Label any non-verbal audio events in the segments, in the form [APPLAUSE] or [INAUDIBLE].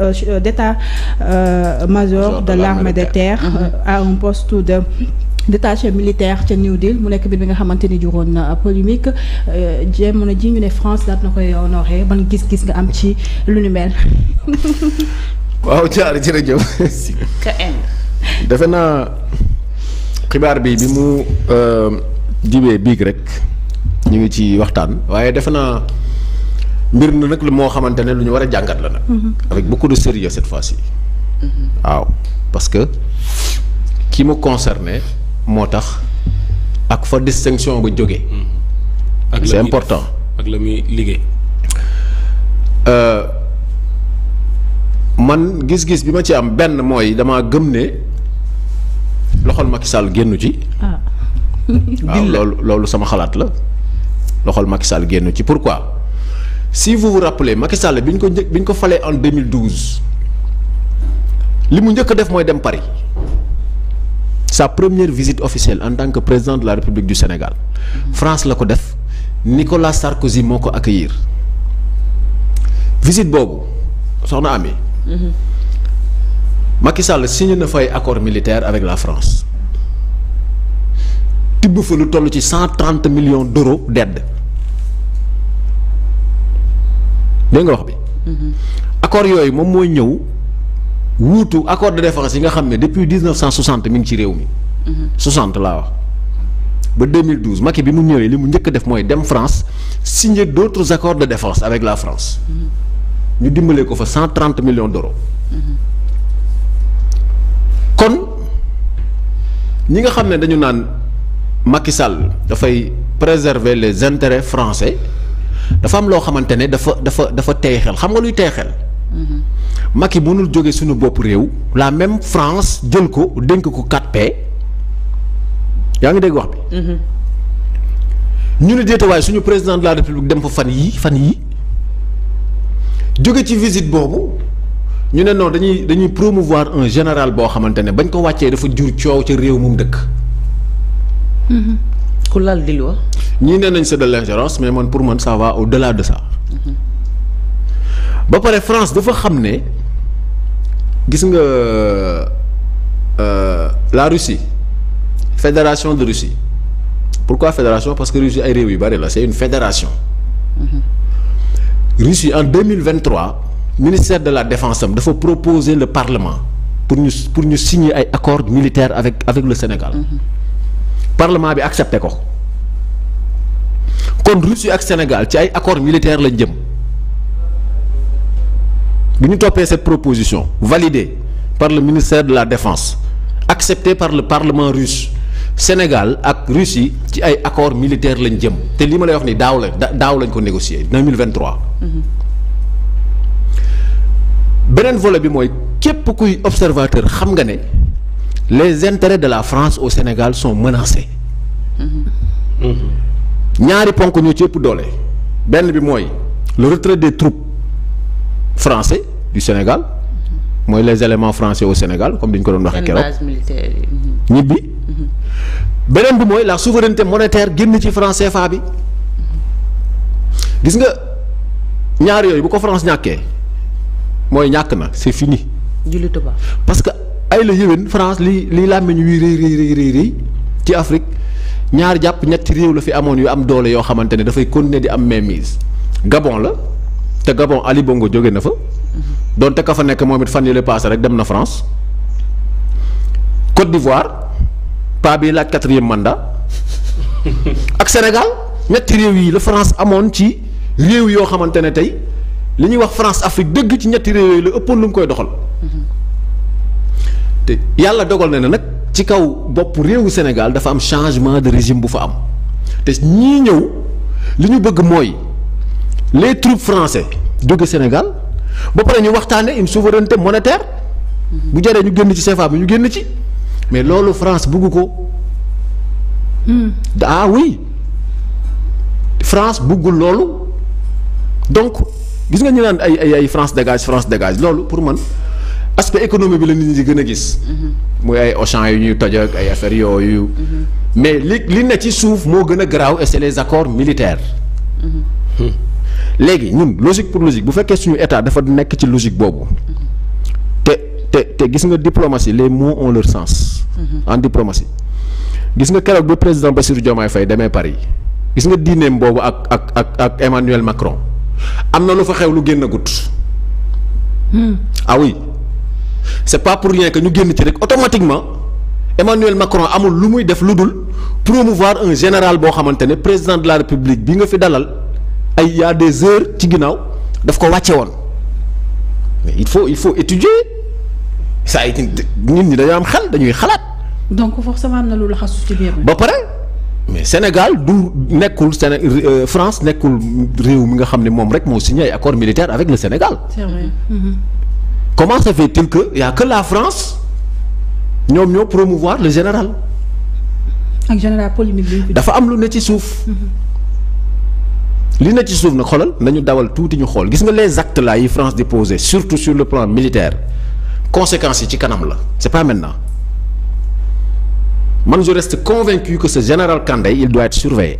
Euh, euh, euh, d'état-major de l'armée de terre mhm. à un poste de détaché militaire ca New Deal mu nekk mbir bi nga xamante ni juróon na polémique jéem na ji ñu ne France daat na koy honoré ban gis-gis nga am ci lu ni mel. [LAUGHS] waaw jaar jërëjëf. defe naa xibaar bi bi mu diwee biig rek ñu ngi ci waxtaan waaye defe naa. mbir na nag lu moo xamante ne lu ñu war a jàngat la nag. Mhm. avec beaucoup de sérieux mhm. waaw parce que ki mu concerné moo tax ak fa distinction ba jógee. Mhm. ak c'est important ak la muy liggéey. Euh, man gis-gis bi ma ci am benn mooy damaa gëm ne loxol Macky génnu ci. Ah. [LAUGHS] waaw loolu loolu sama xalaat la loxol Macky Sall génnu ci pourquoi. si vous vous rappelez Macky bi ñu ko bi ñu ko falee en 2012 li mu njëkk def mooy dem Paris sa première visite officielle en tant que président de la République du Sénégal France la ko def Nicolas Sarkozy moo ko accueillir visite boobu soxna Ami. Mm-hmm. Macky si signé na fay accord militaire avec la France tibb fa lu toll ci cent trente millions d' euros dégg wax bi. accord yooyu moom mooy ñëw wuutu accord de défense yi nga xam ne depuis 1960 mi ngi ci réew mi. 60 laa wax ba 2012 Macky bi mu ñëwee li mu njëkk def mooy dem France signer d' autres accords de défense avec la France. ñu dimbalee ko fa 130 millions d' euros. kon ñi nga xam ne dañu naan Macky Sall dafay préserver les intérêts français. dafa am loo xamante ne dafa dafa dafa tey xel xam nga luy tey xel. Mm-hmm. Macky mënul jóge suñu bopp réew la même France jël ko dénk ko 4P yaa ngi dégg wax bi. Mm-hmm. ñu ne déeta waaye suñu président de la république dem ko fan yii fan yii jóge ci visite boobu ñu ne non dañuy dañuy promovoir un général boo xamante ne bañ ko wàccee dafa jur coow ca réew mu dëkk. Mm-hmm. ku laal di loi. ñii nee nañ c'est de l'ingérence mais man pour man ça va au-delà de ça. ba pare France dafa xam ne gis nga euh, euh, la Russie fédération de Russie pourquoi fédération parce que Russie ay réew yu bari la c'est une fédération. Mmh. Russie en deux mille vingt ministère de la défense am dafa proposer le parlement pour ñu pour ñu signer ay accords militaire avec avec le Sénégal. Mm-hmm. parlement bi accepté ko kon Russie ak Sénégal ci ay accord militaire lañ jëm bu ñu toppee cette proposition validée par le ministère de la défense acceptée par le parlement russe Sénégal ak yi ci ay accord militaire lañ jëm te li ma lay wax ni daaw la daaw lañ ko négocier 2023 mm-hmm. beneen volet bi mooy képp kuy observateur xam nga ne les intérêts de la France au Sénégal sont menacés ñaari ponk ñoo ci ëpp doole benn bi mooy le retrait de troupes français du Sénégal mooy les éléments français au Sénégal comme dañu ko doon waxee keroog ñibbi mhm. beneen bi mooy la souveraineté monétaire génn ci franc CFA bi gis nga ñaar yooyu bu ko France ñàkkee mooy ñàkk na c'est fini parce ay la yéwén France li li làmmiñ wi rëy rëy rëy ci Afrique ñaar jàpp ñetti réew la fi amoon yu am doole yoo xamante ne dafay continuer di am mainmise Gabon la te Gabon Ali Bongo jóge na fa donte ka fa nekk moom it fan yële paase rek dem na France Côte d'Ivoire pa bi laaj quatrième mandat ak Sénégal ñetti réew yi la France amoon ci réew yoo xamante ne tey li ñuy wax France Afrique dëgg ci ñetti réew yooyu la ëppoon lu mu koy doxal. yàlla dogal na ne nag ci kaw bopp réewu Sénégal dafa am changement de régime bu fa am te ñii ñëw li ñu bëgg mooy les troupes français jóge Sénégal ba pare ñu waxtaane une souveraineté monétaire bu jaree ñu génn ci CFA bi ñu génn ci mais loolu France bëgg ko hmm. ah oui France bëggul loolu donc gis nga ñu naan ay ay France dégage France dégage loolu pour man aspect économie bi la nit ñi di gën a gis. Mm-hmm. muy ay Auchan yu ñuy toj ak ay affaires yooyu. Mm-hmm. mais li li ne ci suuf moo gën a garaaw et c'est les accords militaires. Mm-hmm. Hmm. léegi ñun logique pour logique bu fekkee suñu état dafa nekk ci logique boobu. te te te gis nga diplomatie les mots ont leur sens. en diplomatie gis nga keroog ba président Bassirou Diomaye fay demee Paris gis nga diineem boobu ak ak ak ak Emmanuel Macron am na lu fa xew lu génn gut hmm. ah c' est pas pour rien que ñu génn ci rek automatiquement Emmanuel Macron amul lu muy def lu dul promouvoir un général boo xamante ne président de la république bi nga fi dalal ay y a des heures ci ginnaaw daf ko wàcce woon mais il faut il faut étudier saa yi nit ñi dañoo am xel dañuy xalaat. donc forcément am la ba pare mais Sénégal du nekkul Séné euh, France nekkul réew mi nga xam ne moom rek moo signé ay accord militaire avec le Sénégal. c'est vrai. Mhm. comment se fait-il que la France ñoom ñoo promouvoir le général. ak général polémique dafa am lu ne ci suuf. Mhm. li ne ci suuf nag xoolal nañu dawal tuuti ñu xool gis nga les actes là yi France di poser surtout sur le plan militaire conséquences yi ci kanam la c'est pas maintenant man je reste convaincu que ce général Kandé il doit être surveillé.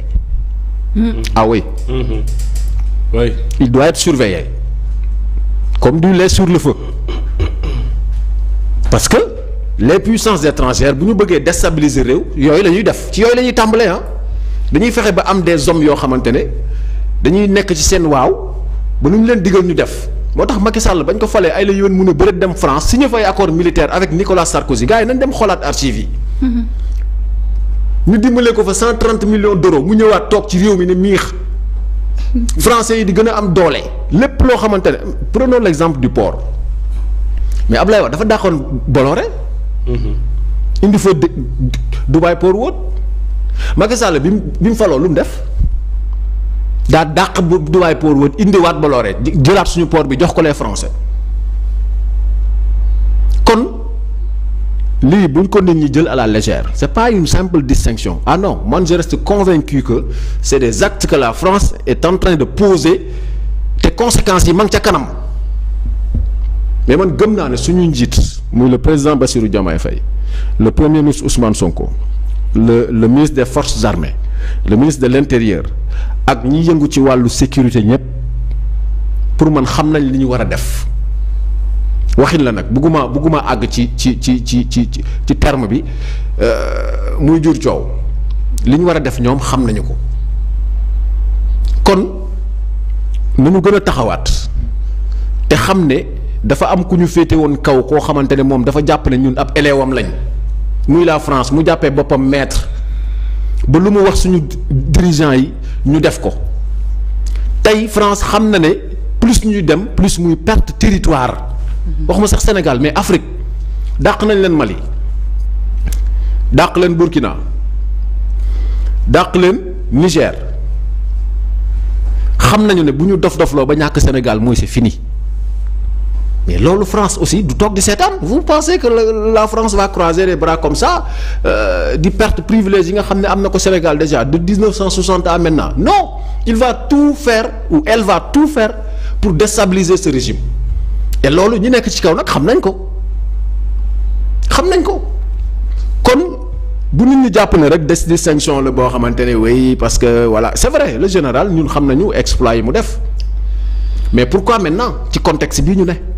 Mmh. ah oui. Mmh. oui. il comme du lait sur le feu. parce que les puissances étrangères bu ñu bëggee déstabiliser réew yooyu la ñuy def ci yooyu la ñuy tàmbalee ah. dañuy fexe ba am des hommes yoo xamante ne dañuy nekk ci seen waaw ba nu ñu leen digal ñu def moo tax Macky Sall bañ ko falee ay la yoon mun a bëri dem France signé fay accord militaire avec Nicolas Sarkozy gars yi nañ dem xoolaat archives yi. Mm-hmm. ñu dimbale ko fa cent trente millions d'euros mu ñëwaat toog ci réew mi ne miix. Mm-hmm. français yi di gën a am doole lépp loo xamante ne prenons l'exemple du mais Ablaye Wade dafa dàqoon Bolloré. Mm-hmm. indi fa dë Dubai Port World. Macky Sall bi mu bi mu faloo lu mu def daa dàq bu Dubai Port World indiwaat Bolloré jëlaat suñu port bi jox ko les français kon. lii buñ ko nit ñi jël à la légère c'est pas une simple distinction ah non man je reste convaincu que c'est des actes que la France est en train de poser te conséquence yi mag ca kanam mais man gëm naa ne suñu njiit muy le président Bassirou Diomaye Faye le premier ministre Ousmane Sonko le le ministre des forces armées le ministre de l'intérieur ak ñi yëngu ci wàllu sécurité ñëpp pour man xam nañ li ñu war a def waxin la nag bugguma bugguma àgg ci ci ci ci ci ci terme bi euh, muy jur coow li ñu war a def ñoom xam nañu ko kon nu ñu gën a taxawaat te xam ne. dafa am ku ñu féete woon kaw koo xamante ne moom dafa jàpp ne ñun ab élève am muy la France mu jàppee boppam maître ba lu mu wax suñu dirigeant yi ñu def ko tey France xam na ne plus ñuy dem plus muy perte wax ma sax Sénégal mais Afrique dàq nañ leen Mali dàq leen Burkina dàq leen Niger xam nañu ne bu ñu dof dofloo ba ñàkk Sénégal mooy c'est fini mais loolu France aussi du toog di seetaan vous pensez que la France va croiser les bras comme ça euh, di perte privilège yi nga xam ne am na ko Sénégal déjà de 1960 à maintenant non il va tout faire ou elle va tout faire pour déstabiliser ce régime et loolu ñu nekk ci kaw nag xam nañ ko xam nañ ko kon bu nit ñi jàpp ne rek des distinction la boo xamante ne oui parce que voilà c'est vrai le général ñun xam nañu exploit yi mu def mais pourquoi maintenant ci contexte bii ñu ne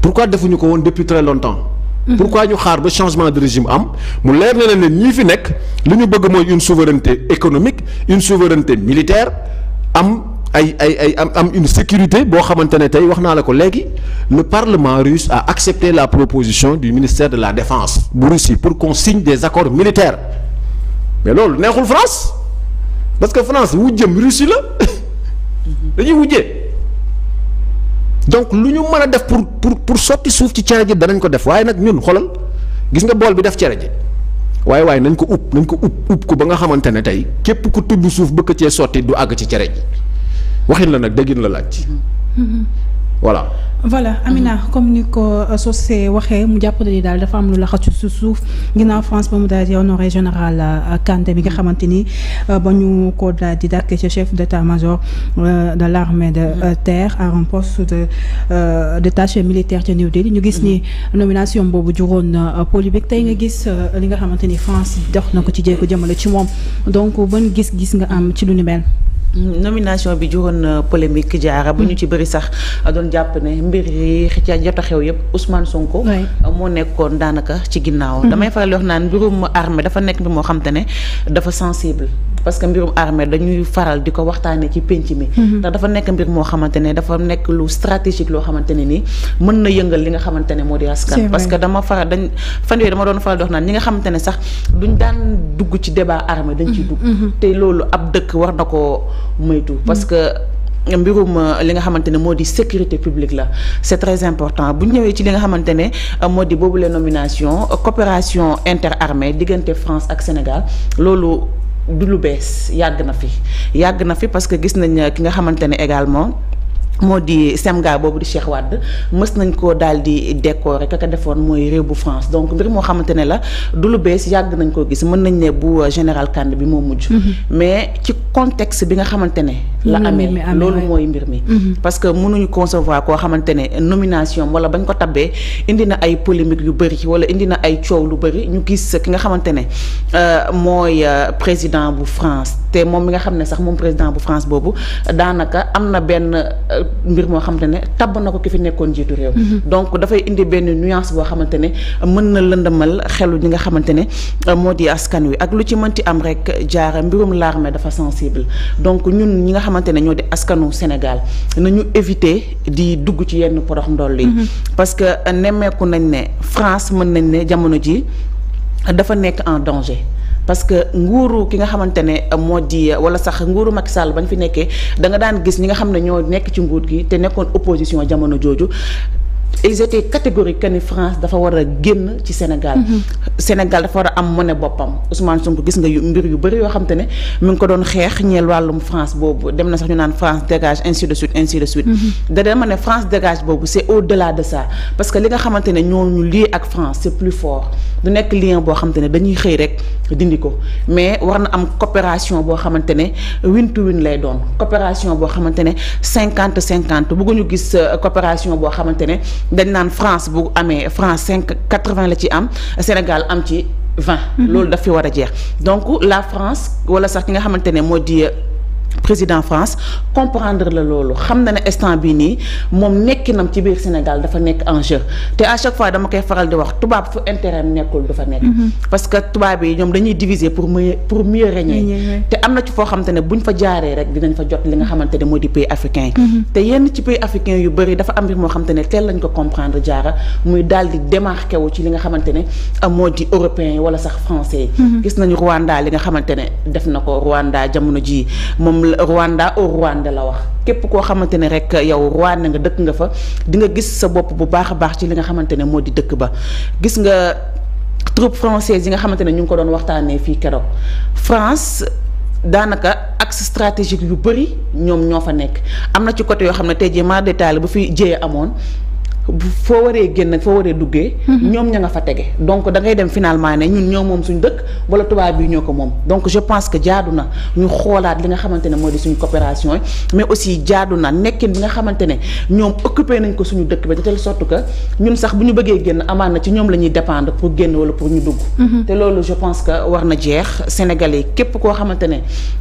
pourquoi defuñu ko woon depuis très longtemps. Mhm. pourquoi ñu xaar ba changement de régime am mu leer na leen ñii fi nekk li ñu bëgg mooy une souveraineté économique une souveraineté militaire am ay ay ay am am une sécurité boo xamante ne tey wax naa la ko léegi le parlement russe a accepté la proposition du ministère de la défense bu Russie pour qu'on signe des accords militaires mais loolu neexul France parce que France wu jëm Russie la [LAUGHS] dañuy wujjee. donc lu ñu mën a def pour pour pour sotti suuf ci cere ji danañ ko def waaye nag ñun xoolal gis nga bool bi def cere ji waaye waaye nañ ko upp nañ ko upp upp ko ba nga xamante ne tey képp ku tudd suuf bëgg cee sotti du àgg ci cere ji waxin la nag déggin la laaj. Mm-hmm. Mm-hmm. voilà. voilà Amina mhm. comme ni ko euh, Socé waxee mu jàpp ni daal dafa am lu laxatu su suuf ginnaaw France ba mu daal di honoré général euh, Kandé bi nga mhm. xamante ni euh, ba ñu ko daal di dàkkee ci chef d'état-major de l'armée de mhm. terre à un poste de détaché militaire ci New Delhi ñu gis ni nomination boobu juróon polémique tey nga gis li nga xamante ni France dox na ko ci jéego jëmale ci moom donc ban gis-gis nga am ci lu ni mel. nomination bi juróon euh, polémique jaara bu ñu mm. ci bëri sax a doon jàpp ne mbir yi ca jot a xew yëpp Ousmane Sonko. moo nekkoon daanaka ci ginnaaw. Mm-hmm. damay faral di wax naan mbirum armée dafa nekk mbir moo xam ne dafa sensible. parce que mbirum armée dañuy faral di ko waxtaanee ci pénc mi. Mm-hmm. ndax dafa nekk mbir moo xamante ne dafa nekk lu stratégique loo xamante ne nii mën na yëngal li nga xamante ne moo di askan. parce que dama faral dañ fan yooyu dama doon faral di wax naan ñi nga xamante ne sax duñ daan dugg ci débat armée dañ ciy dugg. Mm-hmm. te loolu ab dëkk war na ko moytu parce que mbirum euh, li nga xamante ne moo di sécurité publique la c'est très important bu ñëwee ci li nga xamante ne euh, moo di boobu la nomination euh, coopération interarmée diggante France ak Sénégal loolu du lu bees yàgg na fi yàgg na fi parce que gis nañ ki nga xamante ne également moo di semga boobu di Cheikh Wade mës nañ koo daal di décorer ka ka defoon mooy réew bu France donc mbir moo xamante ne la du lu bees yàgg nañ koo gis mën nañ ne bu euh, général Kandé bi moo mujj. Mhm. mais ci contexte bi nga xamante ne. la amee loolu mooy mbir mi. Mhm. parce que mënuñu concevoir koo xamante ne nomination wala bañ ko tabbee indi na ay polémique yu bëri wala indi na ay coow lu bëri ñu gis ki nga xamante ne euh, mooy euh, président bu France te moom mi nga xam ne sax moom président bu France boobu daanaka am na benn. mbir moo xamante ne tabb na ko ki fi nekkoon jiitu réew. Mm-hmm. donc dafay indi benn nuance boo xamante ne mën na lëndëmal xelu ñi nga xamante ne euh, moo di askan wi ak lu ci mënti am rek jaara mbirum l'armée dafa sensible donc ñun ñi nga xamante ne ñoo di askanu Sénégal nañu éviter di dugg ci yenn porox ndoll yi. Mm-hmm. parce que nemmeeku nañ ne France mën nañ ne jamono ji dafa nekk en danger. parce que nguuru ki nga xamante ne euh, moo di euh, wala sax nguuru Macky Sall ba nga fi nekkee danga daan gis ñi nga xam ne ñoo nekk ci nguur gi te nekkoon opposition jamono jooju ils étaient que ni France dafa war a génn ci Sénégal. Mhm. Sénégal dafa war a am ne boppam Ousmane Sonko gis nga yu mbir yu bëri yoo xam ne mu ngi ko doon xeex ñeel wàllum France boobu dem na sax ñu naan France dégage ainsi de suite ainsi de suite. Mhm. da dama ne France dégage boobu c' est au delà de ça parce que li nga xamante ne ñu lii ak France c' est plus fort du nekk lien boo xam ne dañuy xëy rek dindi ko mais war na am coopération boo xamante ne win to lay doon coopération boo xamante ne cinquante cinquante bëgguñu gis euh, coopération boo xamante ne. dañ naan France bu amee France cinq quatre-vingt la ci am Sénégal am ci vingt mhm. loolu daf fi war a jeex donc la France wala sax ki nga xamante ne moo di président France comprendre la loolu xam na ne instant bi nii moom nekkinam ci biir Sénégal dafa nekk en jeu te à chaque fois dama koy faral di wax tubaab fu intérêt nekkul du nekk mhm. parce que tubaab yi ñoom dañuy diviser pour mieux pour mieux régner te am na ci foo xamante buñ fa jaaree rek dinañ fa jot li nga xamante ne moo di pays africain yi mhm. te yenn ci pays africain yu bëri dafa am mbir moo xamante ne teel ko comprendre jaara muy daal di démarqué moom Rwanda au Rwanda la wax képp koo xamante ne rek yow Rwanda nga dëkk nga fa di nga gis sa bopp bu baax a baax ci li nga xamante ne moo di dëkk ba gis nga troupe française yi nga xamante ne ñu ngi ko doon waxtaanee fii keroog France daanaka axe stratégique yu bëri ñoom ñoo fa nekk am na ci côté yoo xam ne tey jii maa détaillé bu fi jëyee amoon. foo waree génn foo waree duggee. Mhm. ñoom ña nga fa tege donc da dem finalement ne ñun ñoo moom suñu dëkk wala tubaab bi ñoo ko moom donc je pense que jaadu na ñu xoolaat li xamante ne moo di suñu coopération yi mais aussi jaadu na nekkin bi nga xamante ne ñoom occupé nañ ko suñu dëkk bi te telle sorte que ñun sax bu ñu bëggee génn amaan na ci ñoom lañuy ñuy dépendre pour génn wala pour ñu dugg. Mhm. te loolu je pense que war na jeex sénégalais képp koo xamante ne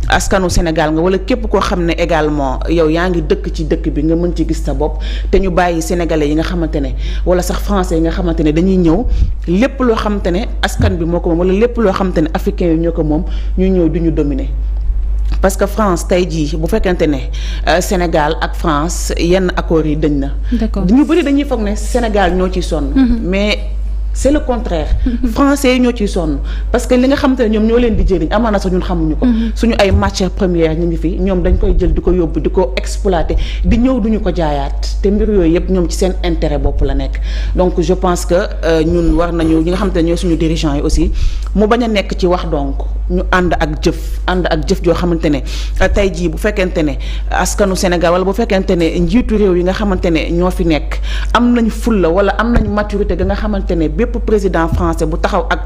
askanu Sénégal nga wala képp koo xam ne également yow yaa ngi dëkk ci dëkk bi nga mën ci gis sa bopp xamante ne wala sax français yi nga xamante ne dañuy ñëw lépp loo xamante ne askan bi moo ko moom wala lépp loo xamante ne africain yi ñoo ko moom ñu ñëw du ñu dominer. parce que France tey jii bu fekkente ne euh, Sénégal ak France yenn accords yi dëñ na. d'accord ñu bëri dañuy foog ne Sénégal ñoo ciy sonn. Mm-hmm. mais c'est le contraire [LAUGHS] français yi ñoo ciy sonn parce que li nga xamante ne ñoom ñoo leen di jëriñ amaana sax ñun xamuñu ko mm-hmm. suñu ay matières premières ñu ngi fi ñoom dañ koy jël di ko yóbbu di ko exploiter di ñëw duñu ko jaayaat te mbir yooyu yëpp ñoom ci seen intérêt bopp la nekk donc je pense que euh, ñun war nañu ñi nga xamante ne ñoo suñu dirigeants yi aussi mu bañ a nekk ci wax donc ñu ànd ak jëf ànd ak jëf joo xamante ne euh, tey jii bu fekkente ne askanu Sénégal bu fekkente ne njiitu réew yi nga xamante ne ñoo fi nekk am nañ fulla wala am nañ maturité ga nga xamante ne bépp pour président français bu taxaw ak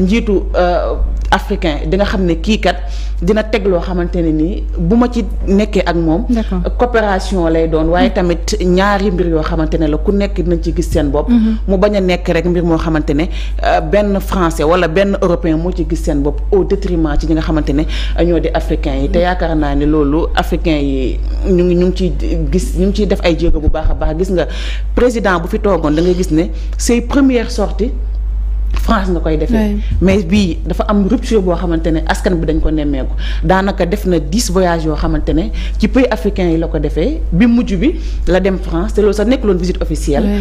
njiitu euh, africain di xam ne kii kat dina teg loo xamante ne nii bu ma ci nekkee ak moom. coopération lay doon mm-hmm. waaye tamit ñaari mbir yoo xamante ne la ku nekk dinañ ci gis seen bopp. Mm-hmm. mu bañ a nekk rek mbir moo xamante ne euh, benn francais wala benn européen moo ci gis seen bopp au détriment ci ñi nga xamante ne euh, ñoo di africains yi te mm-hmm. yaakaar naa ne loolu africains yi ñu ngi ñu ngi ciy gis ñu ngi ciy def ay jéego bu baax a baax gis nga président bu fi toogoon da nga gis ne say première sorti France nga koy defee mais bii dafa am rupture boo xamante ne askan bi dañ ko nemmeeku daanaka def na dix voyages yoo xamante ne ci pays africain yi la ko defee bi mujj bi la dem France te loolu sax nekk loon visite officielle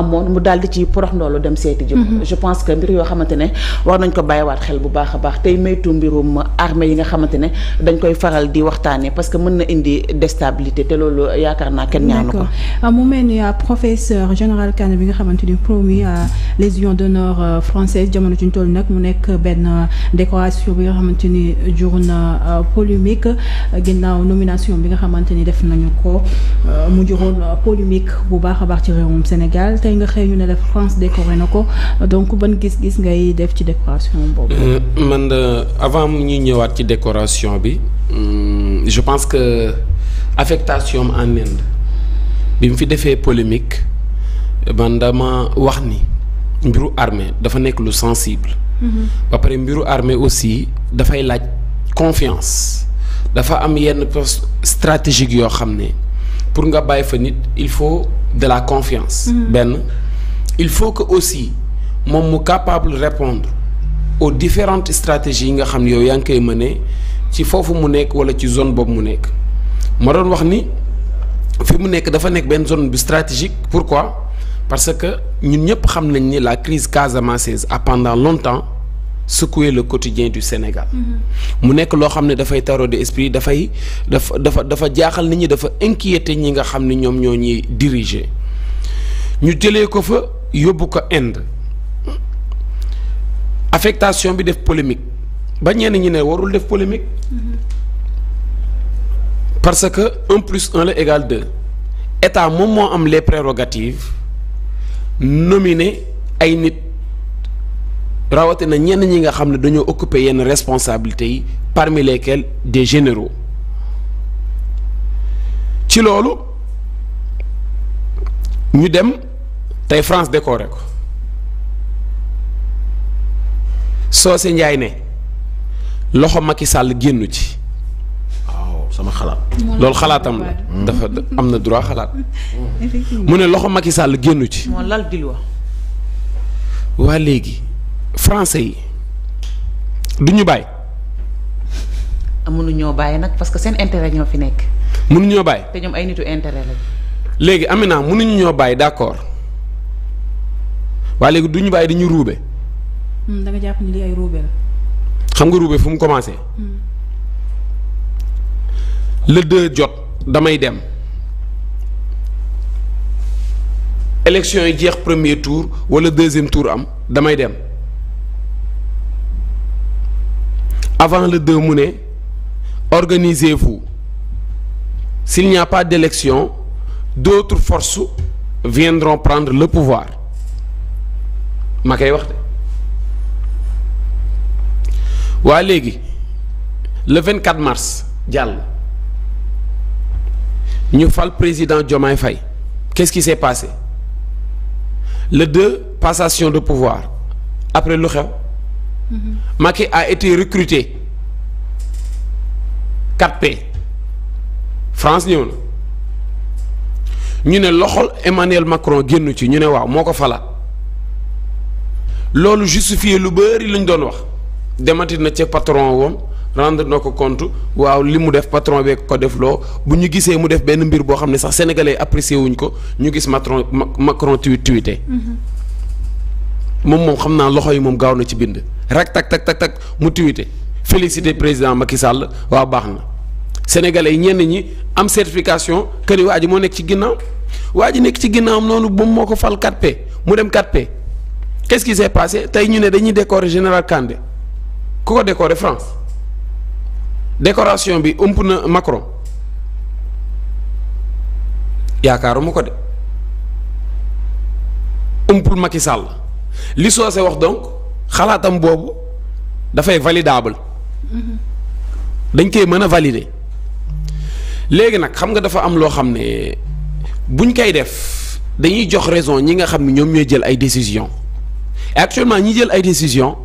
amoon mu daal di ci porox ndoolu dem seeti ji mm-hmm. je pense que mbir yoo xamante ne war nañ ko bàyyiwaat xel bu baax a baax tey maytu mbirum armée yi nga xamante ne dañ koy faral di waxtaanee parce que mën na indi déstabilité te loolu yaakaar naa kenn ñaanu ko ah, mu mel ni ah, professeur général Kane fleur jamono ci ñu toll nag mu nekk benn euh, décoration bi nga xamante ni jur na euh, polémique euh, ginnaaw nomination bi nga xamante ni def nañu ko mu juróon polémique bu baax a baax ci réewum Sénégal tey nga xëy ñu ne la France décoré na ko donc ban gis-gis ngay def ci décoration boobu. man avant ñuy ñëwaat ci décoration bi hmm, je pense que affectation en Inde bi mu fi defee polémique man dama wax ni. mbiru armée dafa nekk lu sensible. Mhm. ba pare mbiru armée aussi dafay laaj confiance dafa am yenn poste stratégique yoo xam ne pour nga bàyyi fa nit il faut de la confiance. Mhm. benn il faut que aussi moom mu capable répondre aux différentes stratégies yi nga xam ne yow yaa ngi koy mëne ci foofu mu nekk walla ci zone boobu mu nekk ma doon wax ni fi mu nekk dafa nekk benn zone bu stratégique pourquoi. parce que ñun ñëpp xam nañ ni la crise casamançaise a pendant longtemps secoué le quotidien du Sénégal. Mm-hmm. mu nekk loo xam ne dafay tarauder esprit dafay dafa dafa dafa jaaxal nit ñi dafa inquiéter ñi nga xam ne ñoom ñoo ñuy diriger ñu jëlee ko fa yóbbu ko Inde affectation bi def polémique ba ñenn ñi ne warul def polémique. Mm-hmm. parce que un plus un la égale de état moom moo am les prérogatives. nominer ay nit rawatina ñenn ñi nga xam ne dañoo occuper yenn responsabilités yi parmi lesquels des généraux ci loolu ñu dem tey France décoré ko Socé Ndiaye ne loxo Macky Sall génnu ci. sama xalaat. loolu xalaatam la. dafa am na droit xalaat. mu ne loxo Macky Sall génnu ci. moo lal di wax. waa léegi français yi du ñu bàyyi. mënuñoo bàyyi nag parce que seen intérêt ñoo fi nekk. mënuñoo bàyyi. ay nitu intérêt léegi Amina mënuñu ñoo bàyyi d'accord waaye léegi du ñu bàyyi dañu ruube. Hmm, da nga jàpp ni li ay ruube la. xam nga ruube fu mu commencé. Hmm. le deux jot damay dem élection yi jeex premier tour wala deuxième tour am damay dem avant le mu ne organisez-vous s'il n'y a pas d'élection d'autres forces viendront prendre le pouvoir ma koy wax de waa léegi le 24 mars jàll ñu fal président Diomaye fay qu'est-ce qui s'est le deux passation de pouvoir après lu xew mm-hmm. Macky a été recruté 4P France ñëw na ñu ne loxol Emmanuel Macron génn ci ñu ne waaw moo ko fala loolu justifié lu bëri lañ doon wax demati na ca patron wom rendre na ko compte waaw li mu def patron bee ko def loo bu ñu gisee mu def benn mbir boo xam ne sax sénégalais apprécié wuñ ko ñu gis Macron Macron tuwi tuwite mm-hmm. moom moom xam naa loxo yi moom gaaw na ci bind rak tak tak tak tak mu tuwite félicité président Macky Sall waaw baax na sénégalais yi ñenn ñi am certification que ni waa ji moo nekk ci ginnaaw waa ji nekk ci ginnaawam noonu moom moo ko fal 4 mu dem 4P qu'est-ce qui s'est passé tey ñu ne dañuy décorer général Kandé ku ko décorer décoration bi ëmp na Macron yaakaaruma ko de ëmpul Macky Sall li soose wax donc xalaatam boobu dafay validable dañ koy mën a valider léegi nag xam nga dafa am loo xam ne buñ koy def dañuy jox raison ñi nga xam ne ñoom ñooy jël ay décisions actuellement ñi jël ay décisions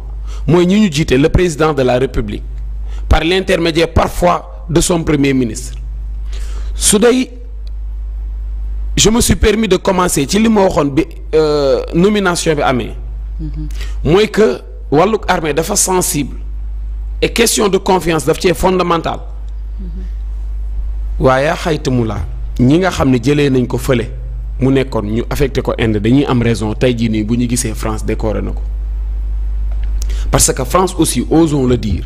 mooy ñi ñu jiite le président de la république. par l'intermédiaire parfois de son premier ministre su dee je me suis permis de commencer ci li ma waxoon bi euh, nomination bi amee mm-hmm. mooy que wàlluk armée dafa sensible et question de confiance daf cee fondamental mm-hmm. waaye xaytamu laa ñi nga xam ne jëlee nañ ko fële mu nekkoon ñu affecté ko Inde dañuy am raison tey jii nii bu ñu gisee France décoré na ko parce que France aussi osons le dire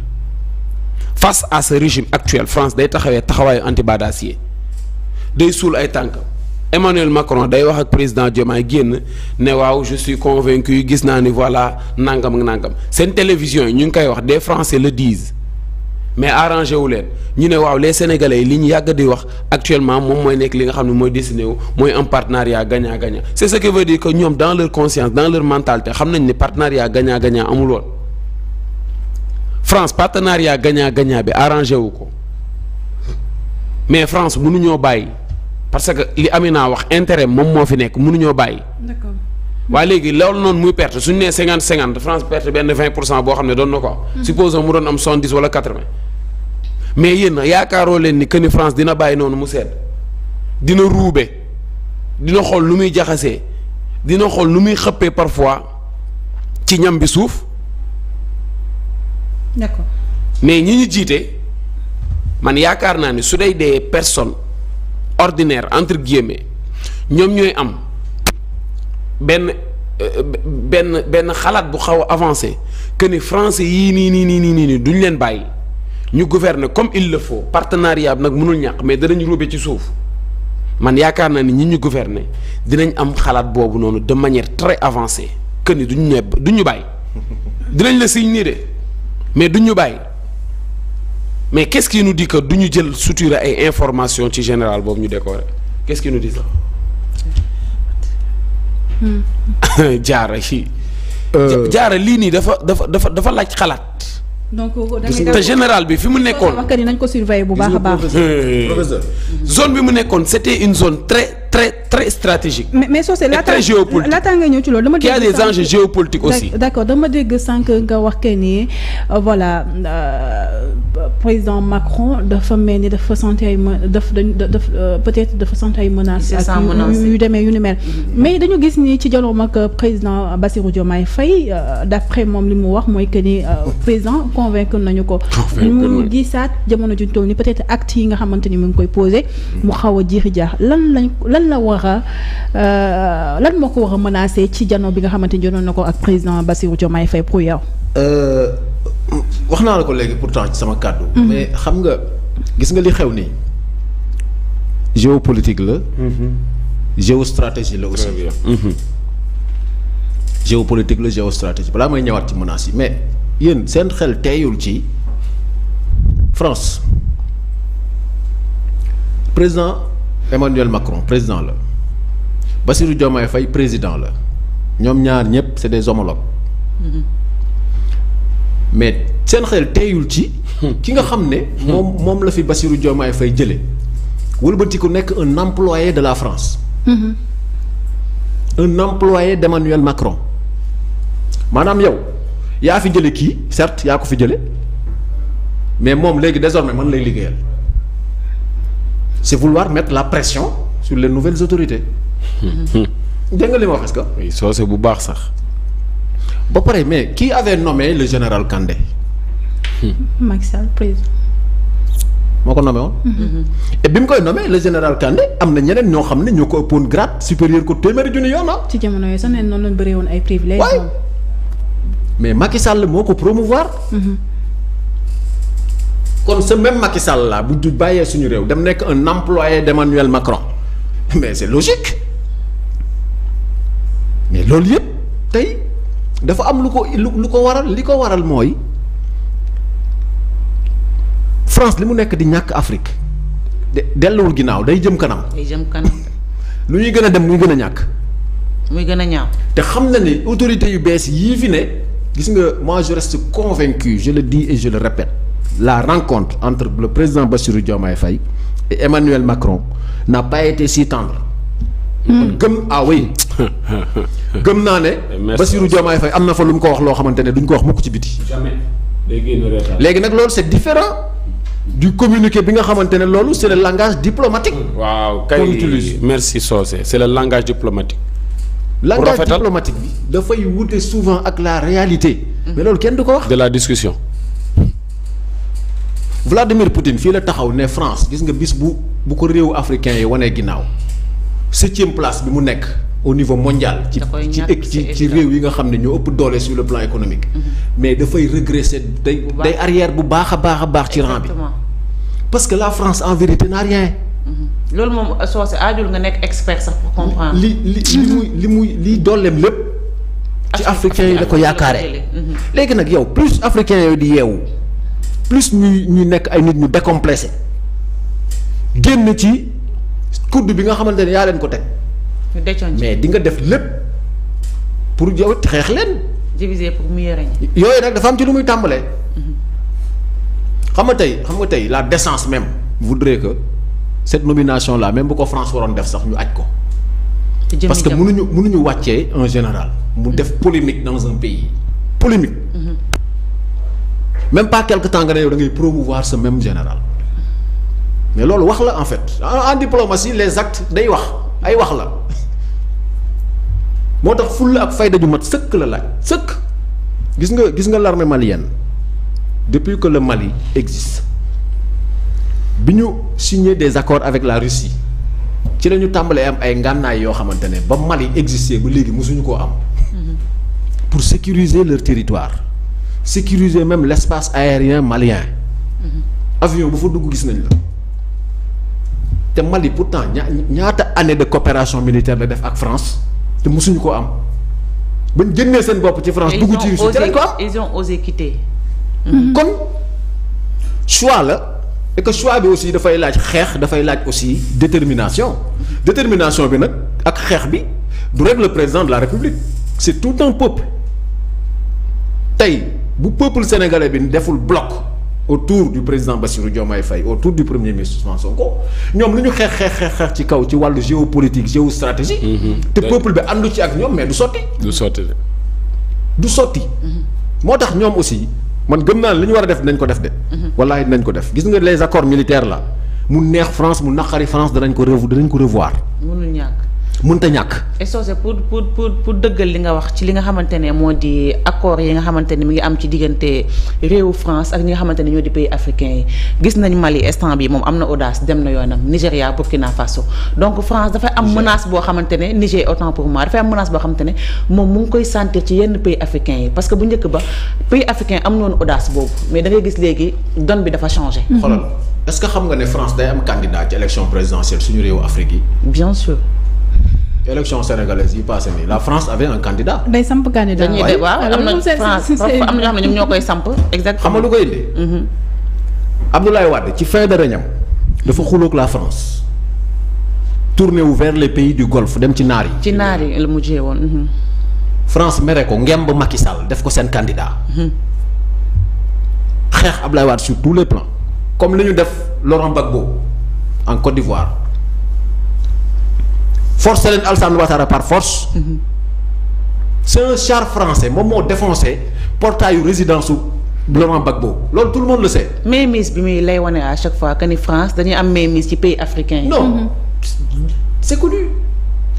face à ce régime actuel France day taxawee taxawaayu antibadassier day suul ay tànk Emmanuel Macron day wax ak président Diomaye génn ne waaw je suis yi gis naa ni voilà nangam ak nangam seen télévision yi ñu ngi koy wax des Français le disent mais arrangé wu leen ñu ne waaw les Sénégalais yi li ñu yàgg di wax actuellement moom mooy nekk li nga xam ne mooy destiné wu mooy un partenariat gagnant gagnant c'est ce qui veut dire que ñoom dans leur conscience xam nañ ne partenariat gagnant gagnant amul France partenariat gagnant gagnant bi arrangé wu ko mais France mënuñoo bàyyi parce que li Amina wax intérêt moom moo fi nekk mënuñoo bàyyi. d'accord waaye léegi loolu noonu muy perte suñu nee cinquante cinquante France perte benn vingt pour cent boo xam ne doon na ko am. Hmm. supposons mu doon am soixante dix wala quatre vingt mais yéen yaakaaroo leen ni que ni France dina bàyyi noonu mu sedd dina ruube dina xool lu muy jaxasee dina xool lu muy xëppee parfois ci ñam bi suuf. mais ñi ñu jiite man yaakaar naa ni su dee des personnes ordinaires entre guillemets ñoom ñooy am benn euh, benn benn xalaat bu xaw a avancé que ni français yii nii nii nii nii nii duñ leen bàyyi ñu gouverner comme il le faut partenariat bi nag mënul ñàkk mais danañ ruube ci suuf man yaakaar naa ni ñi ñu gouverner dinañ am xalaat boobu noonu de manière très avancée que ni duñ ne duñ ñu bàyyi [LAUGHS] dinañ la siñ nii de. mais duñ ñu bàyyi mais qu'est-ce qui du ñu jël suture ay information ci général boobu ñu décorer qu'est-ce qui nous dit ça. Hmm. [LAUGHS] jaara euh, jaara lii nii dafa dafa dafa dafa laaj xalaat. donc te euh, général bi fi mu nekkoon. nañ ko surveiller bu baax a baax. zone bi mu nekkoon c'était une zone très. très très stratégique. mais mais Socé laata laata ñëw ci loolu. dama dégg sànq qui aussi. d' dama dégg sànq nga wax que ni euh, voilà euh, président Macron dafa mel ni dafa sentir ay daf dañ daf euh, peut-être dafa sentir ay menaces. ak yu demee yu ni mel. Mm-hmm. mais dañu gis ni ci jaloom ak président Bassirou Diomaye Faye d' après moom li mu wax mooy que ni [LAUGHS] président convaincre nañu ko. mu gisaat jamono ju toll ni peut-être acte yi nga xamante ni mu ngi koy posé. mu mm-hmm. xaw a jiixi jaax lan lañ lan. lan la war a euh, lan moo ko war a menacé ci jano bi nga xamante ni na ko ak président Bassirou Diomaye Faye pour yow. Euh, wax naa la ko léegi pourtant ci sama kàddu. Mhm. mais xam nga gis nga li xew nii géopolitique la. Mhm. géostratégie la aussi. Mhm. géopolitique la géostratégie balaa may ñëwaat ci menaces yi mais yéen seen xel teeyul ci France Emmanuel Macron président la Bassirou Diomaye fay président la ñoom ñaar ñëpp c'est des homologues mais seen xel teeyul ci ki nga xam ne moom moom la fi Bassirou Diomaye Faye jële wëlbati ku nekk un employé de la France mm -hmm. un employé Macron maanaam yow yaa fi jële kii certes yaa ko fi jële mais moom léegi désormais man lay liggéeyal c'est vouloir mettre la pression sur les nouvelles autorités. [LAUGHS] dégg nga li ma wax que. oui bu baax sax. ba pare mais qui avait nommé le général Kandé. [LAUGHS] Macky Sall président. moo ko nommé woon. Mhm. et bi mu koy nommé le général Kandé am na ñeneen ñoo xam ne ñoo ko ëppoon grade supérieur ko téeméeri junni yoon ah. ci jamono yooyu sax nee noonu lañ bëree woon ay privilèges. mais Macky Sall moo ko promouvoir. Mm kon ce même Macky Sall bu bu bàyyee suñu réew dem nekk un employé d'Emmanuel Macron [LAUGHS] mais c'est logique mais loolu yëpp tey dafa am lu ko lu ko waral li ko waral mooy France li mu nekk di ñàkk Afrique de delluwul ginnaaw day jëm kanam. day jëm kanam. [LAUGHS] lu ñuy gën a dem muy gën a ñàkk. muy gën a ñaaw. te xam na ni autorités yu bees yii fi ne gis nga moi je reste convaincu je le dis et je le répète. la rencontre entre le président Bassirou Diomaye Faye et Emmanuel Macron n'a pas si tendre. kon hmm. gëm ah [LAUGHS] gëm naa ne. Bassirou Diomaye Faye am na fa lu mu ko wax loo xamante ne duñ ko wax mukk ci biti. léegi nag loolu c'est différent du communiqué bi nga xamante ne loolu c'est le langage diplomatique. Hmm. waaw kay merci Socé c'est le langage diplomatique. langage diplomatique bi dafay wute souvent ak la réalité. Hmm. mais loolu kenn du ko wax. de la discussion. Vladimir Poutine fii la taxaw ne France gis nga bis bu bu ko réewu africain yi wanee ginnaaw septième place bi mu nekk au niveau mondial ci e, ci ci réew yi nga xam ne ñoo ëpp doole sur le plan économique mm-hmm. mais dafay régresser day day arrière bu baax a baax a baax ci rang bi parce que la France en vérité rien mm-hmm. loolu moom euh, soo si nga nekk expert sax pour comprendre. li li li mm-hmm. muy li muy liy dooleem lépp. ci africain yi la ko yaakaare. léegi nag yow plus africain yooyu di yeewu. plus ñuy ñu nekk ay nit ñu décomplexé génn ci kudd bi nga xamante ne yaa leen ko teg. mais di nga def lépp pour yow xeex leen. diviser pour mieux yooyu nag dafa am ci lu muy tàmbalee. Mhm. xam nga tey xam nga tey la décence même voudrait que cette nomination la même bu ko France waroon def sax ñu aj ko. parce que mënuñu mënuñu wàccee un général. mu def polémique dans un pays polémique. même pas quelque temps nga ne yow da ngay promouvoir ce même général mais loolu wax la en fait en diplomatie les actes day wax ay wax la moo tax fulla ak fayda ju mat sëkk la laaj sëkk gis nga gis nga l'armée malienne depuis que le Mali existe bi ñu signé des accords avec la Russie ci la ñu tàmbalee am ay ngànnaay yoo xamante ne ba Mali existé ba léegi mosuñu koo am mm-hmm. pour sécuriser leur territoire sécuriser même l'espace aérien malien mm-hmm. avion bu fa dugg gis nañ la te Mali pourtant temps ñaata année de coopération militaire la def ak France te mosuñu ko am bañ génnee seen bopp ci France dugg ci Russie te quoi ils ont osé quitter mm-hmm. kon choix la et que bi aussi dafay laaj xeex dafay laaj aussi détermination mm-hmm. détermination bi nag ak xeex bi du rek le président de la République c'est tout un peuple tey bu peuple sénégalais bi deful bloc autour du président Bassirou Diomaye Faye autour du premier ministre Ousmane Sonko ñoom lu ñu xeex xeex xeex xeex ci kaw ci wàllu géopolitique géostratégie mhm. te peuple bi àndu ci ak ñoom mais du sotti du sotti du sotti mhm. moo tax ñoom aussi man gëm naa li ñu war a def nañ ko def de mhm. wallahi nañ ko def gis nga les accords militaires la mu neex France mu naqari France danañ ko revu danañ ko revoir mënul ñàkk mun mënta ñàkk. et soose pour pour pour pour dëggal li nga wax ci li nga xamante ne moo di accord yi nga xamante ne mi ngi am ci diggante réewu France ak ñi nga xamante ne ñoo di pays africains yi gis nañ Mali instant bi moom am na audace dem na yoonam Nigéria Burkina Faso donc France dafay am menace boo xamante ne Niger autant pour moi dafay am menace boo xamante ne moom mu ngi koy sentir ci yenn pays africains yi parce que bu njëkk ba pays africain am noonu audace mais da ngay gis léegi donne bi dafa que xam nga ne France day am élection sénégalaise yi passé nii la France avait un candidat. day samp candidat dañuy de am na France am na ñoo xam ne ñoom ñoo koy samp. exactement xam nga lu koy indi. Mm-hmm. Abdoulaye Wade ci fin de régnam dafa xuloog la France tourné wu vers les pays du Golfe dem ci naar yi. ci naar yi la mujjee woon. Mm-hmm. France mere ko ngemb Macky Sall def ko seen candidat. Mm-hmm. xeex Abdoulaye Wade sur tous les plans comme lu ñu def Laurent Gbagbo en Côte d'Ivoire. forcé leen Alassane Ouattara par force. Mhm. c' est un moom moo défoncé portail yu résidence su Laurent Gbagbo loolu tout le monde le sait. mainmise bi muy lay wane à chaque fois que ni France dañuy am mainmise ci pays africain yi. non mhm.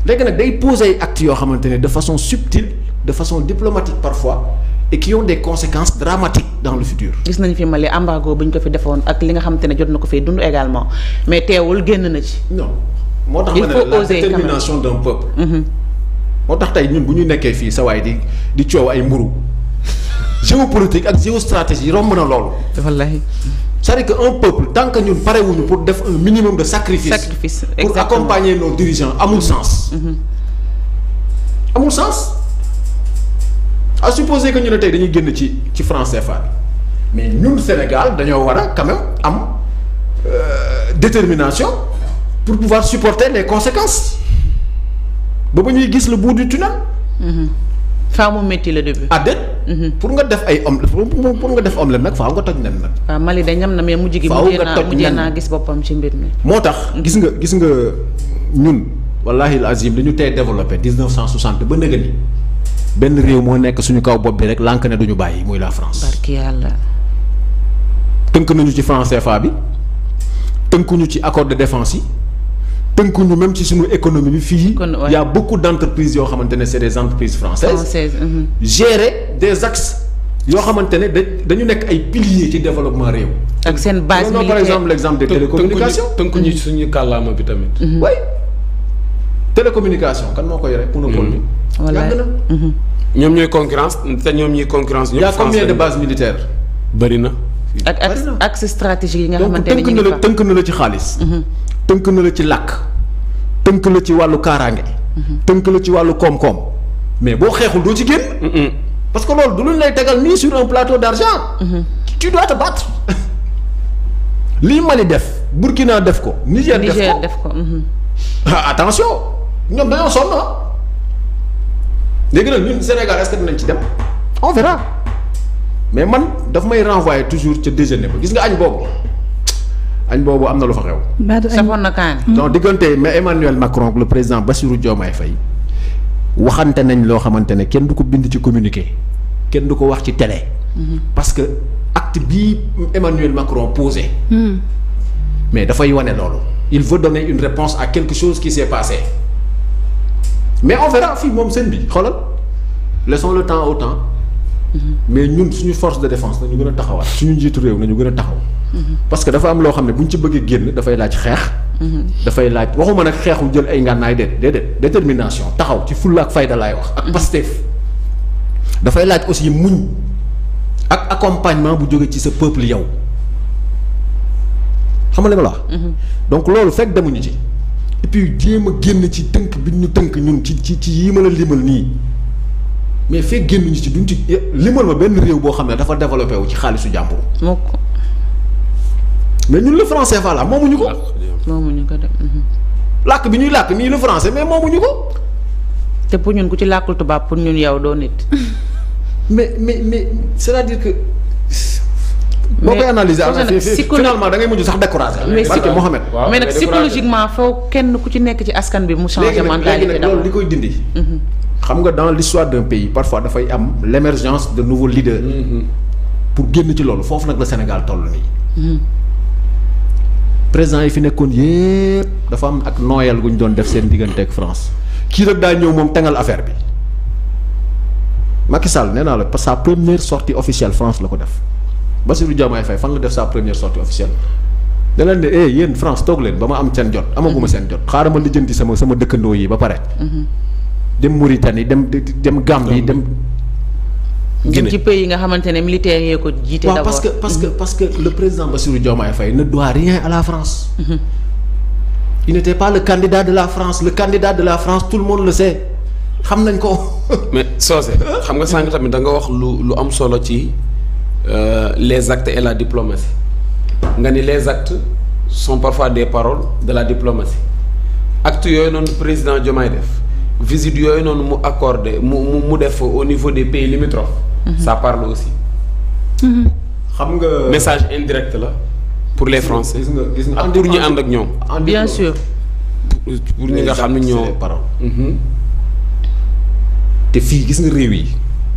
nag day poser ay yoo xamante ne de façon subtile de façon diplomatique parfois. et qui ont des conséquences dramatiques dans le futur. gis nañu fi Mali embargo bu ñu ko fi defoon ak li nga xamante ne jot na ko fii dund également mais teewul génn na ci. non moo tax ma ne la détermination d'un peuple mm-hmm. moo tax tey ñun bu ñu nekkee fii sa waay di di coow ay mburu géopolitique ak géostratégie romb na loolu wallaahi cest à que un peuple tant que ñun parewuñu pour def un minimum de sacrifice, sacrifice pour accompagner nos dirigeants amul mm-hmm. sens mm-hmm. amul sens a supposer que ñu ne tey dañuy génn ci ci franc CFA mais ñun Sénégal dañoo war a quand am euh, détermination pour pouvoir supporter les conséquences ba ba ñuy gis la bout du tunnel. Mm-hmm. faaw mu métti la début. ah déet. Mm-hmm. pour nga def ay om pour nga def omelette nag faaw nga toj nen nag. waaw Mali dañ am na mais mujj gi. faaw nga toj nen naa gis boppam ci mbir mi. moo tax mm-hmm. gis nga gis nga ñun wallahi al azim li ñu tey développé 1960 ba nëgëni benn réew moo nekk suñu kaw bopp bi rek lànk ne duñu bàyyi muy la France. barki yàlla. tënk nañu ci franc CFA bi tënkuñu ci accord de défense yi. tënkuñu même ci suñu économie bi fii. il y a beaucoup d' entreprises yoo xamante ne c' est des entreprises françaises. françaises mhm. des axes yoo xamante ne dañu nekk ay piliers ci développement réew. ak seen base militaire par exemple l' exemple des télécommunications tënkuñu mhm. suñu kàllaama bi tamit. Mhm. oui télécommunication kan moo ko yore. monopole bi yàgg ñoom ñooy concurrence te ñoom ñuy concurrence. ñoom France y' a combien de bases militaires. bëri na. ak ak stratégique yi nga xamante ne ñu ngi fa donc tënk na na la ci xaalis. tënk na la ci làkk tënk la ci wàllu kaaraange. tënk la ci wàllu koom-koom mais boo xeexul doo ci génn. parce que loolu du luñ lay tegal nii sur un plateau d'argent. Mm-hmm. tu dois te battre. Mali def Burkina def ko. Niger def ko Niger def ko. Mm-hmm. Ah, attention ñoom dañoo sonn ah. léegi nag ñun Sénégal est-ce que ci dem on mais man daf may renvoyer toujours ca déjeuner ba gis nga añ boobu. añ boobu am na lu fa xew. safoon na kaani hmm. donc diggante mais Emmanuel Macron le président Bassirou Diomaye fay waxante nañ loo xamante ne kenn du ko bind ci communiqué kenn du ko wax ci télé. Hmm. parce que acte bii Emmanuel Macron posé. Mmh. mais dafay wane loolu. il veut donner une réponse à quelque chose qui s'est passé mais on fii moom seen bi xoolal laissons le temps au temps hmm. mais ñun suñu force de défense nañu gën a taxawaat suñu njiitu réew nañu gën a taxaw. parce que dafa am loo xam ne bu ñu ci bëggee génn dafay laaj xeex. dafay laaj waxuma nag xeexu jël ay ngànnaay déet déedéet détermination taxaw ci fulla ak fayda laay wax ak Pastef dafay laaj aussi muñ ak accompagnement bu jóge ci sa peuple yow xam nga li wax. Mhm. donc loolu fekk demuñu ci et puis jéem a génn ci tënk bi ñu tënk ñun ci ci ci yii ma la limal nii mais fekk ñu ci duñ ci limal ma benn réew boo xam ne dafa développé wu ci xaalisu jàmbur. mais ñun le français fa la moomuñu ko. moomuñu ko de. Mhm. làkk bi ñuy làkk nii le français mais moomuñu ko. te pour ñun ku ci làkkul tubaab pour ñun yow doo nit. [LAUGHS] mais mais mais c'est-à-dire que. boo koy analyser finalement da ngay mujj sax découragé. barke Mohamed mais nag psychologiquement foo kenn ku ci nekk ci askan bi mu changé mentalité loolu di koy dindi. Mhm. xam nga dans l'histoire d'un pays parfois dafay am l'émergence de nouveaux leaders. Mhm. pour génn ci loolu foofu nag la Sénégal toll nii. président yi fi nekkoon yépp dafa am ak nooyal gu ñu doon def seen diggante ak France kii rek daa ñëw moom tangal affaire bi Macky Sall nee naa la sa première sortie officielle France la ko def Bassirou Diomaye Faye fan la def sa première sortie officielle da leen ne eh yéen France toog leen ba ma am seen jot. amaguma seen jot xaaral ma lijjanti sama sama dëkkandoo yi ba pare. Mhm. dem Mauritanie dem dem Gambie dem. Guinée ci pays yi nga xamante ne militaires yee ko jiite. d'abord parce que parce que parce que le président Bassirou Diomaye Faye ne doit rien à la France. Mhm. il n'était pas le candidat de la France le candidat de la France tout le monde le sait xam nañ ko. [LAUGHS] mais Socé xam nga sànq tamit da nga wax lu lu am solo ci euh, les actes et la diplomatie nga ni les actes sont parfois des paroles de la diplomatie actes yooyu noonu président Diomaye def visite yooyu noonu mu accorde mu mu mu def au niveau des pays limitrophes. ça parle aussi. Mm-hmm. xam nga message indirect la. pour les français gis gis nga pour ànd ak ñoom. bien sûr. pour ñi nga am ne ñoo mm-hmm. te fii gis nga réew yi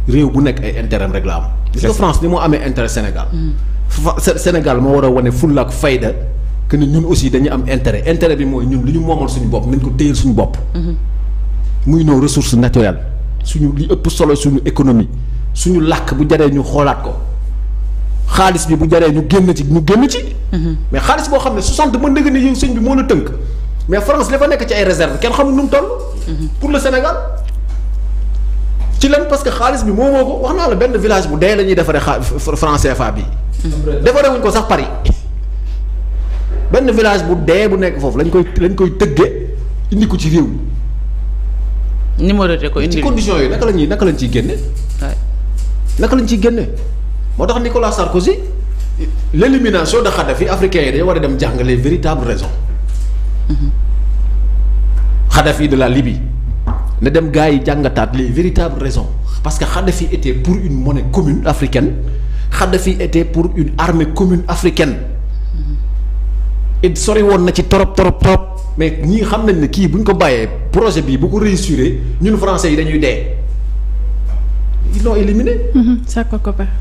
réew bu nekk ay intérêt rek la am. gis nga France ni moo amee intérêt Sénégal. Mm-hmm. Sénégal moo war a wane la ak fayda que ni ñun aussi dañu am intérêt intérêt bi mooy ñun lu ñu moomal suñu bopp nañ ko téyel suñu bopp. muy nos ressource naturelles suñu li ëpp solo suñu économie. suñu làkk bu jaree ñu xoolaat ko xaalis bi bu jaree ñu génn ci ñu génn ci. mais xaalis boo xam ne 60 mën nga ni yow sëñ bi moo la tënk mais France dafa nekk ci ay réserve kenn xamul nu mu toll. pour le Sénégal. ci lan parce que xaalis bi moo ko wax naa la benn village bu dee la ñuy defaree france CFA bi. defaree wuñ ko sax Paris. benn village bu dee bu nekk foofu lañ koy lañ koy tëggee indi ko ci réew mi. numéroté ko indi ci conditions yi naka la ñuy naka lañ ciy génne. naka lañ ciy génne moo tax Nicolas Sarkozy l'élimination de Kadhafi africains yi dañu war a dem jàng les véritables raisons mm-hmm. Kadhafi de la Libye na dem gars yi jàngataat les véritables raisons parce que Kadhafi été pour une monnaie commune africaine Kadhafi été pour une armée commune africaine mm-hmm. it sori woon na ci torop torop torop mais ñii xam nañ ne kii bu ko bàyyee projet bii bu ko réussir ñun français yi dañuy dee. ils l'ont éliminé. sàkkal ko pexe.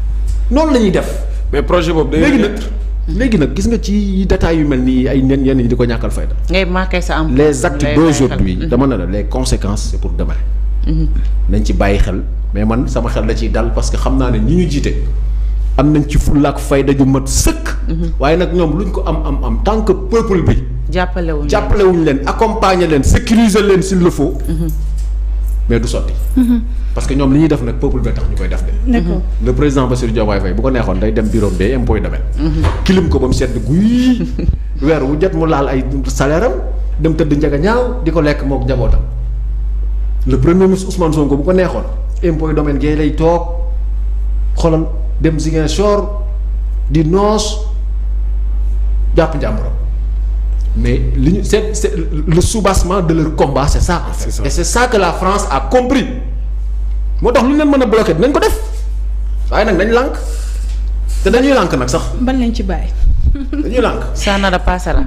noonu def. mais projet boobu day. léegi nag léegi nag gis nga ci détails yu mel ni ay nen yenn yi di ko ñàkkal fayda. ngay marqué sa am. les actes d'aujourd'hui mhm. dama na la les conséquences c'est pour demain. Mhm. nañ ci bàyyi xel mais man sama xel la ciy dal parce que xam naa ne ñi ñu jiite am nañ ci fullaak fayda ju mat sëkk. Mhm. waaye nag ñoom luñ ko am am am tant que peuple bi. jàppalewuñ leen jàppalewuñ leen accompagner leen sécuriser leen s'il mais du sotti. parce que ñoom li ñuy def nag peuple bee ñu koy def de mm-hmm. le président Bassirou Diomaye Faye bu ko neexoon day dem bureau day impôt domaine mm-hmm. kilim ko ba mu sedd guy [LAUGHS] weer wu jot mu laal ay salaire am dem tëdd njëga ñaaw di ko lekk mook njabootam le premier ministre Ousmane Sonko bu ko neexoon impôt domaine gay lay toog xoolal dem Ziguinchor di noos jàpp njàmburam mais li ñu c'est le soubassement de leur combat c'est ça en fait c'est ça que la France a compris moo tax lu ñu leen mën a bloqué dinañ ko def waaye nag dañ lànk te dañuy lànk nag sax. ban lañ ci bàyyi. dañuy lànk. ça nara passera.